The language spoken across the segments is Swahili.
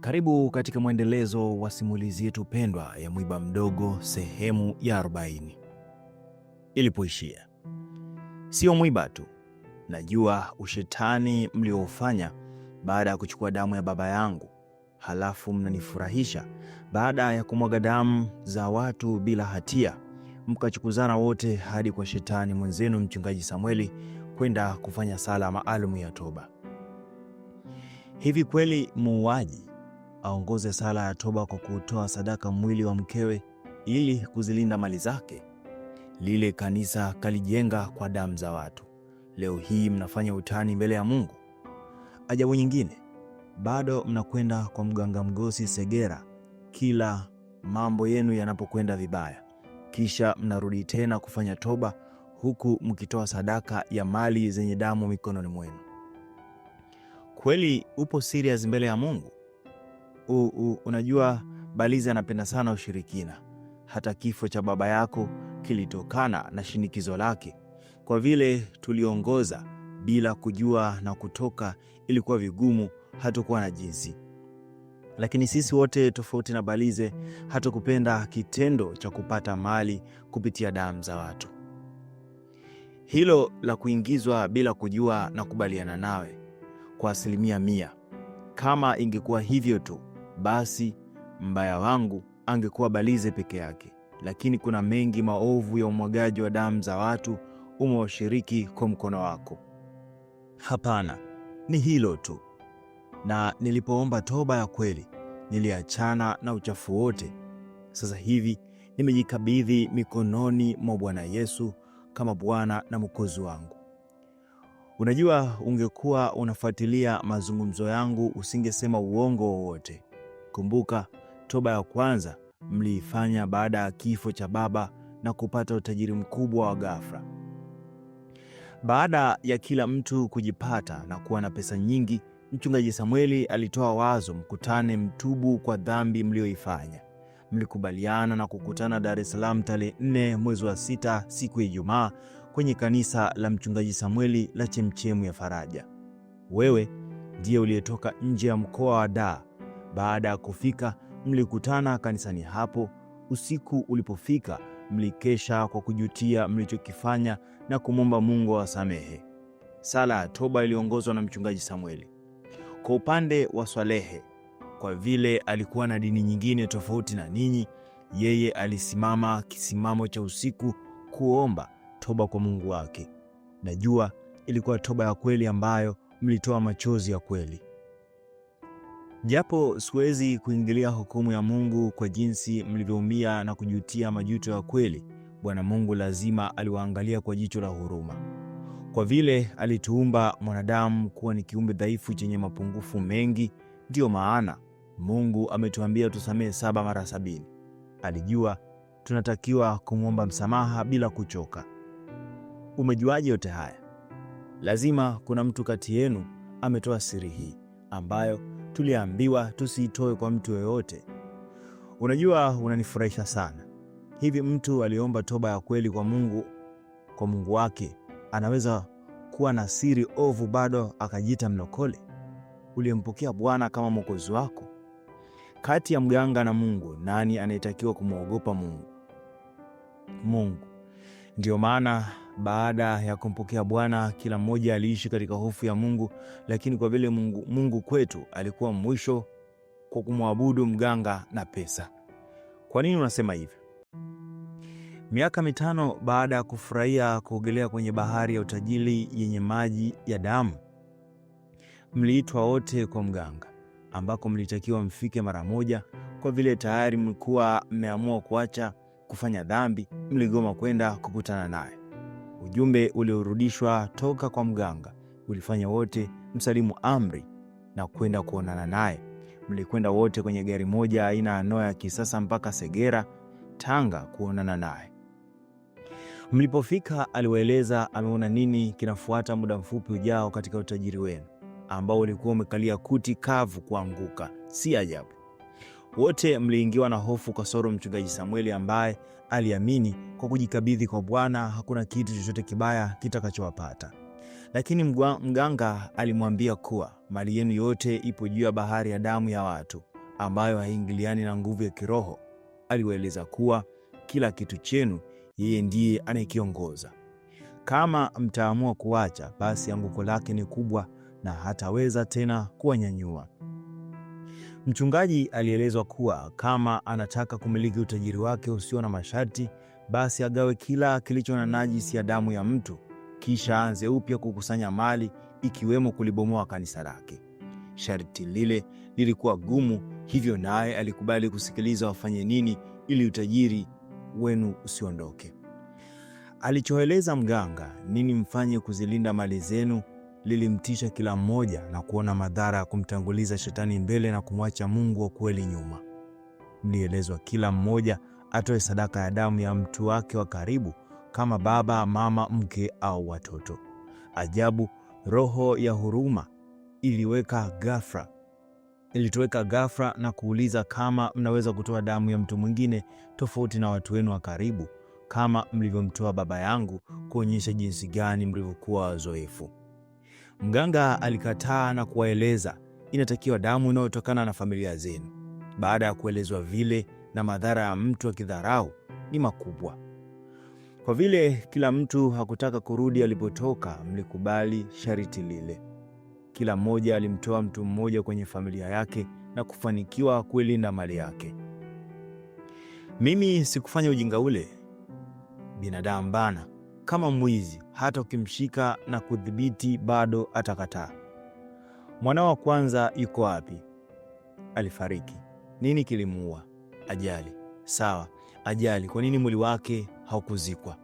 Karibu katika mwendelezo wa simulizi yetu pendwa ya Mwiba Mdogo sehemu ya 40. Ilipoishia. Sio mwiba tu, najua ushetani mlioufanya baada ya kuchukua damu ya baba yangu, halafu mnanifurahisha baada ya kumwaga damu za watu bila hatia, mkachukuzana wote hadi kwa shetani mwenzenu Mchungaji Samweli kwenda kufanya sala maalum ya toba. Hivi kweli muuaji aongoze sala ya toba kwa kutoa sadaka mwili wa mkewe ili kuzilinda mali zake. Lile kanisa kalijenga kwa damu za watu. Leo hii mnafanya utani mbele ya Mungu. Ajabu nyingine, bado mnakwenda kwa mganga Mgosi Segera kila mambo yenu yanapokwenda vibaya, kisha mnarudi tena kufanya toba huku mkitoa sadaka ya mali zenye damu mikononi mwenu. Kweli upo serious mbele ya Mungu? u, u, unajua balize anapenda sana ushirikina. Hata kifo cha baba yako kilitokana na shinikizo lake. Kwa vile tuliongoza bila kujua na kutoka, ilikuwa vigumu, hatukuwa na jinsi. Lakini sisi wote, tofauti na Balize, hatukupenda kitendo cha kupata mali kupitia damu za watu, hilo la kuingizwa bila kujua na kubaliana nawe kwa asilimia mia. Kama ingekuwa hivyo tu basi mbaya wangu angekuwa Balize peke yake, lakini kuna mengi maovu ya umwagaji wa damu za watu umewashiriki kwa mkono wako. Hapana, ni hilo tu. Na nilipoomba toba ya kweli, niliachana na uchafu wote. Sasa hivi nimejikabidhi mikononi mwa Bwana Yesu kama Bwana na Mwokozi wangu. Unajua, ungekuwa unafuatilia mazungumzo yangu, usingesema uongo wowote. Kumbuka, toba ya kwanza mliifanya baada ya kifo cha baba na kupata utajiri mkubwa wa ghafla. Baada ya kila mtu kujipata na kuwa na pesa nyingi, Mchungaji Samueli alitoa wazo, mkutane mtubu kwa dhambi mlioifanya. Mlikubaliana na kukutana Dar es Salaam tarehe 4 mwezi wa sita, siku ya Ijumaa, kwenye kanisa la Mchungaji Samueli la Chemchemu ya Faraja. Wewe ndiye uliyetoka nje ya mkoa wa Dar baada ya kufika, mlikutana kanisani hapo. Usiku ulipofika, mlikesha kwa kujutia mlichokifanya na kumwomba Mungu awasamehe. Sala ya toba iliongozwa na mchungaji Samueli. Kwa upande wa Swalehe, kwa vile alikuwa na dini nyingine tofauti na ninyi, yeye alisimama kisimamo cha usiku kuomba toba kwa Mungu wake. Najua ilikuwa toba ya kweli ambayo mlitoa machozi ya kweli. Japo siwezi kuingilia hukumu ya Mungu kwa jinsi mlivyoumia na kujutia majuto ya kweli, Bwana Mungu lazima aliwaangalia kwa jicho la huruma, kwa vile alituumba mwanadamu kuwa ni kiumbe dhaifu chenye mapungufu mengi. Ndiyo maana Mungu ametuambia tusamehe saba mara sabini. Alijua tunatakiwa kumwomba msamaha bila kuchoka. Umejuaje yote haya? Lazima kuna mtu kati yenu ametoa siri hii ambayo tuliambiwa tusiitoe kwa mtu yoyote. Unajua, unanifurahisha sana. Hivi mtu aliomba toba ya kweli kwa Mungu, kwa Mungu wake anaweza kuwa na siri ovu bado akajiita mlokole? Uliyempokea Bwana kama mwokozi wako? Kati ya mganga na Mungu, nani anayetakiwa kumwogopa Mungu? Mungu. Ndiyo maana baada ya kumpokea Bwana, kila mmoja aliishi katika hofu ya Mungu, lakini kwa vile Mungu, Mungu kwetu alikuwa mwisho kwa kumwabudu mganga na pesa. Kwa nini unasema hivyo? Miaka mitano baada ya kufurahia kuogelea kwenye bahari ya utajiri yenye maji ya damu, mliitwa wote kwa mganga, ambako mlitakiwa mfike mara moja. Kwa vile tayari mlikuwa mmeamua kuacha kufanya dhambi, mligoma kwenda kukutana naye. Ujumbe uliorudishwa toka kwa mganga ulifanya wote msalimu amri na kwenda kuonana naye. Mlikwenda wote kwenye gari moja aina ya noa ya kisasa mpaka Segera, Tanga, kuonana naye. Mlipofika aliwaeleza ameona nini kinafuata muda mfupi ujao katika utajiri wenu ambao ulikuwa umekalia kuti kavu kuanguka. Si ajabu wote mliingiwa na hofu kasoro mchungaji Samueli ambaye aliamini kwa kujikabidhi kwa Bwana hakuna kitu chochote kibaya kitakachowapata. Lakini mganga alimwambia kuwa mali yenu yote ipo juu ya bahari ya damu ya watu ambayo haingiliani na nguvu ya kiroho. Aliwaeleza kuwa kila kitu chenu yeye ndiye anayekiongoza. Kama mtaamua kuacha, basi anguko lake ni kubwa na hataweza tena kuwanyanyua. Mchungaji alielezwa kuwa kama anataka kumiliki utajiri wake usio na masharti, basi agawe kila kilicho na najisi ya damu ya mtu, kisha aanze upya kukusanya mali, ikiwemo kulibomoa kanisa lake. Sharti lile lilikuwa gumu, hivyo naye alikubali kusikiliza wafanye nini ili utajiri wenu usiondoke. Alichoeleza mganga nini mfanye kuzilinda mali zenu lilimtisha kila mmoja na kuona madhara ya kumtanguliza shetani mbele na kumwacha Mungu wa kweli nyuma. Mlielezwa kila mmoja atoe sadaka ya damu ya mtu wake wa karibu kama baba, mama, mke au watoto. Ajabu, roho ya huruma iliweka ghafla ilitoweka ghafla na kuuliza kama mnaweza kutoa damu ya mtu mwingine tofauti na watu wenu wa karibu kama mlivyomtoa baba yangu, kuonyesha jinsi gani mlivyokuwa wazoefu. Mganga alikataa na kuwaeleza inatakiwa damu inayotokana na familia zenu. Baada ya kuelezwa vile, na madhara ya mtu akidharau ni makubwa. Kwa vile kila mtu hakutaka kurudi alipotoka, mlikubali sharti lile. Kila mmoja alimtoa mtu mmoja kwenye familia yake na kufanikiwa kuilinda mali yake. Mimi sikufanya ujinga ule, binadamu bana kama mwizi, hata ukimshika na kudhibiti bado atakataa. Mwanao wa kwanza yuko wapi? Alifariki. Nini kilimuua? Ajali. Sawa, ajali. Kwa nini mwili wake haukuzikwa?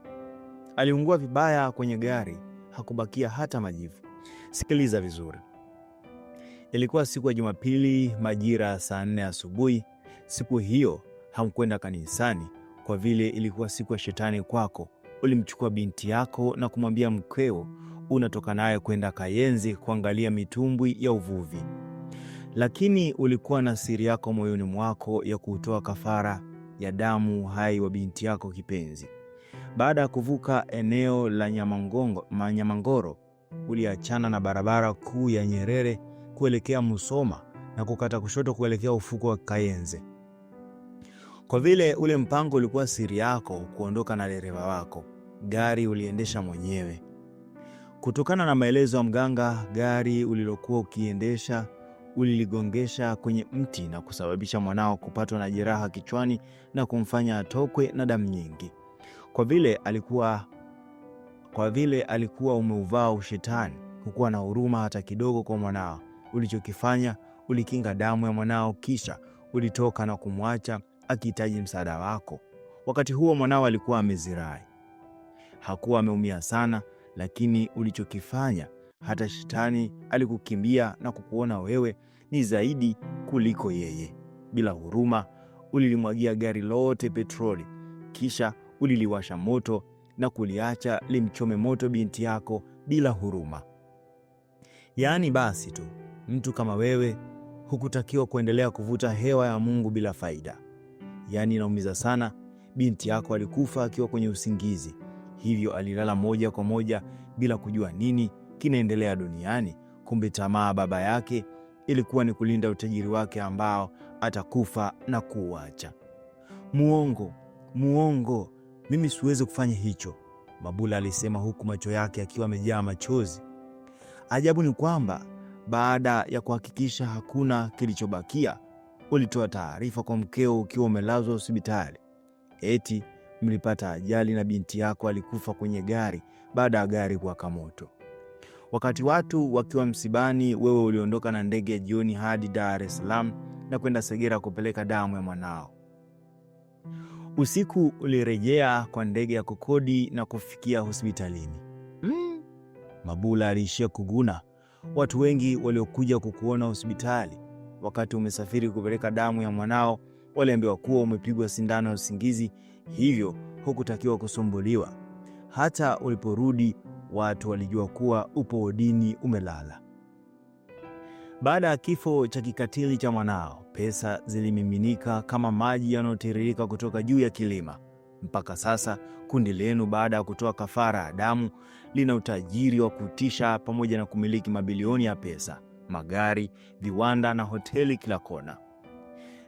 Aliungua vibaya kwenye gari, hakubakia hata majivu. Sikiliza vizuri. Ilikuwa siku ya Jumapili majira ya saa nne asubuhi. Siku hiyo hamkwenda kanisani kwa vile ilikuwa siku ya shetani kwako ulimchukua binti yako na kumwambia mkweo unatoka naye kwenda Kayenzi kuangalia mitumbwi ya uvuvi, lakini ulikuwa na siri yako moyoni mwako ya kutoa kafara ya damu hai wa binti yako kipenzi. Baada ya kuvuka eneo la Nyamangoro, uliachana na barabara kuu ya Nyerere kuelekea Musoma na kukata kushoto kuelekea ufuko wa Kayenze. Kwa vile ule mpango ulikuwa siri yako kuondoka na dereva wako, gari uliendesha mwenyewe. Kutokana na maelezo ya mganga, gari ulilokuwa ukiendesha uliligongesha kwenye mti na kusababisha mwanao kupatwa na jeraha kichwani na kumfanya atokwe na damu nyingi. Kwa vile alikuwa, kwa vile alikuwa umeuvaa ushetani, hukuwa na huruma hata kidogo kwa mwanao. Ulichokifanya, ulikinga damu ya mwanao, kisha ulitoka na kumwacha akihitaji msaada wako. Wakati huo mwanao alikuwa amezirai hakuwa ameumia sana, lakini ulichokifanya hata shetani alikukimbia na kukuona wewe ni zaidi kuliko yeye. Bila huruma, ulilimwagia gari lote petroli, kisha uliliwasha moto na kuliacha limchome moto binti yako bila huruma. Yaani basi tu, mtu kama wewe hukutakiwa kuendelea kuvuta hewa ya Mungu bila faida. Yaani inaumiza sana, binti yako alikufa akiwa kwenye usingizi, hivyo alilala moja kwa moja bila kujua nini kinaendelea duniani. Kumbe tamaa baba yake ilikuwa ni kulinda utajiri wake ambao atakufa na kuuacha. Muongo, muongo, mimi siwezi kufanya hicho, Mabula alisema huku macho yake akiwa amejaa machozi. Ajabu ni kwamba baada ya kuhakikisha hakuna kilichobakia, ulitoa taarifa kwa mkeo ukiwa umelazwa hospitali, eti mlipata ajali na binti yako alikufa kwenye gari baada ya gari kuwaka moto. Wakati watu wakiwa msibani, wewe uliondoka na ndege ya jioni hadi Dar es Salaam na kwenda Segera kupeleka damu ya mwanao. Usiku ulirejea kwa ndege ya kukodi na kufikia hospitalini. Mm. Mabula aliishia kuguna watu wengi waliokuja kukuona hospitali wakati umesafiri kupeleka damu ya mwanao waliambiwa kuwa umepigwa sindano ya usingizi hivyo hukutakiwa kusumbuliwa. Hata uliporudi watu walijua kuwa upo udini umelala. Baada ya kifo cha kikatili cha mwanao, pesa zilimiminika kama maji yanayotiririka kutoka juu ya kilima. Mpaka sasa kundi lenu, baada ya kutoa kafara ya damu, lina utajiri wa kutisha pamoja na kumiliki mabilioni ya pesa, magari, viwanda na hoteli kila kona.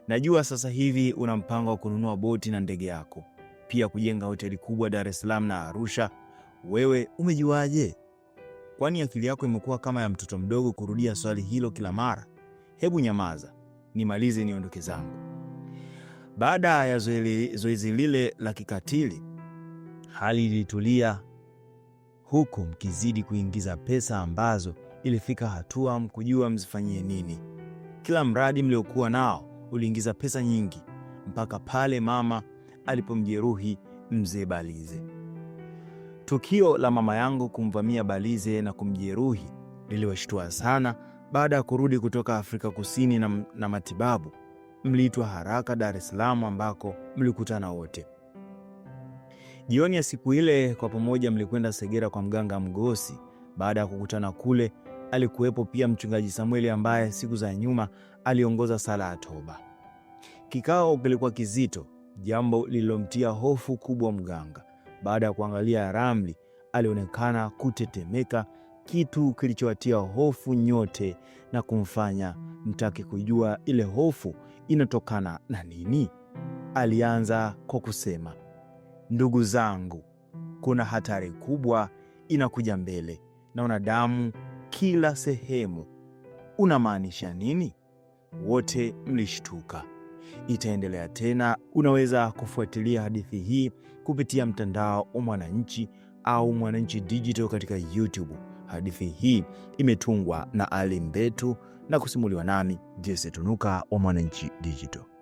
Najua sasa hivi una mpango wa kununua boti na ndege yako, pia kujenga hoteli kubwa Dar es Salaam na Arusha. Wewe umejuaje? Kwani akili yako imekuwa kama ya mtoto mdogo kurudia swali hilo kila mara? Hebu nyamaza, nimalize niondoke zangu. Baada ya zoezi lile la kikatili, hali ilitulia, huku mkizidi kuingiza pesa ambazo ilifika hatua mkujua mzifanyie nini. Kila mradi mliokuwa nao uliingiza pesa nyingi mpaka pale mama alipomjeruhi mzee Balize. Tukio la mama yangu kumvamia Balize na kumjeruhi liliwashtua sana. Baada ya kurudi kutoka Afrika Kusini na, na matibabu, mliitwa haraka Dar es Salaam ambako mlikutana wote. Jioni ya siku ile, kwa pamoja mlikwenda Segera kwa mganga Mgosi. Baada ya kukutana kule, alikuwepo pia mchungaji Samueli ambaye siku za nyuma aliongoza sala ya toba. Kikao kilikuwa kizito, jambo lililomtia hofu kubwa mganga. Baada ya kuangalia ramli, alionekana kutetemeka, kitu kilichowatia hofu nyote na kumfanya mtake kujua ile hofu inatokana na nini. Alianza kwa kusema, ndugu zangu, kuna hatari kubwa inakuja mbele, naona damu kila sehemu. Unamaanisha nini? Wote mlishtuka itaendelea tena. Unaweza kufuatilia hadithi hii kupitia mtandao wa Mwananchi au Mwananchi Digital katika YouTube. Hadithi hii imetungwa na Ali Mbetu na kusimuliwa nami Jesse Tunuka wa Mwananchi Digital.